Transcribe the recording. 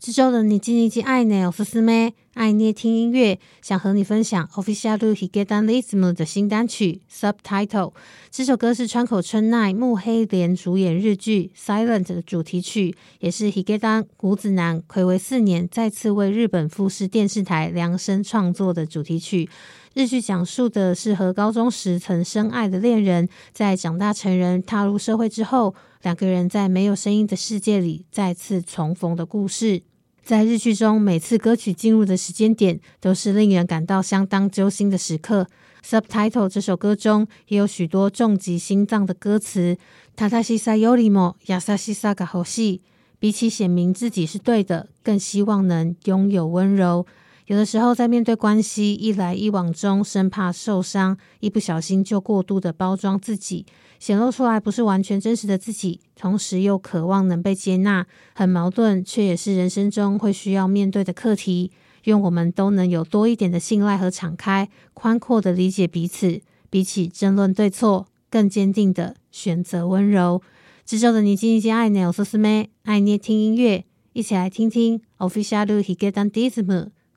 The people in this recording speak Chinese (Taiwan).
這周的你 nichi nichi aiine，osusume，愛捏聽音樂，想和你分享 official 髭男 dism 的新單曲 Subtitle。這首歌是川口春奈、目黑蓮主演日劇《Silent》的主題曲，也是 Higetan 谷子男睽違四年再次為日本富士電視台量身創作的主題曲。日劇講述的是和高中時曾深愛的戀人，在長大成人、踏入社會之後，兩個人在沒有聲音的世界裡再次重逢的故事。在日劇中，每次歌曲進入的時間點，都是令人感到相當揪心的時刻。Subtitle 這首歌中也有許多重擊心臟的歌詞。塔塔西薩尤利莫亞薩西薩卡豪西，比起顯明自己是對的，更希望能擁有溫柔。有的時候，在面對關係一來一往中，生怕受傷，一不小心就過度的包裝自己，顯露出來不是完全真實的自己。同時又渴望能被接納，很矛盾，卻也是人生中會需要面對的課題。願我們都能有多一點的信賴和敞開，寬闊的理解彼此。比起爭論對錯，更堅定的選擇溫柔。這周的 nichi nichi aiine ösusume，愛捏聽音樂，一起來聽聽 official 髭男 dism。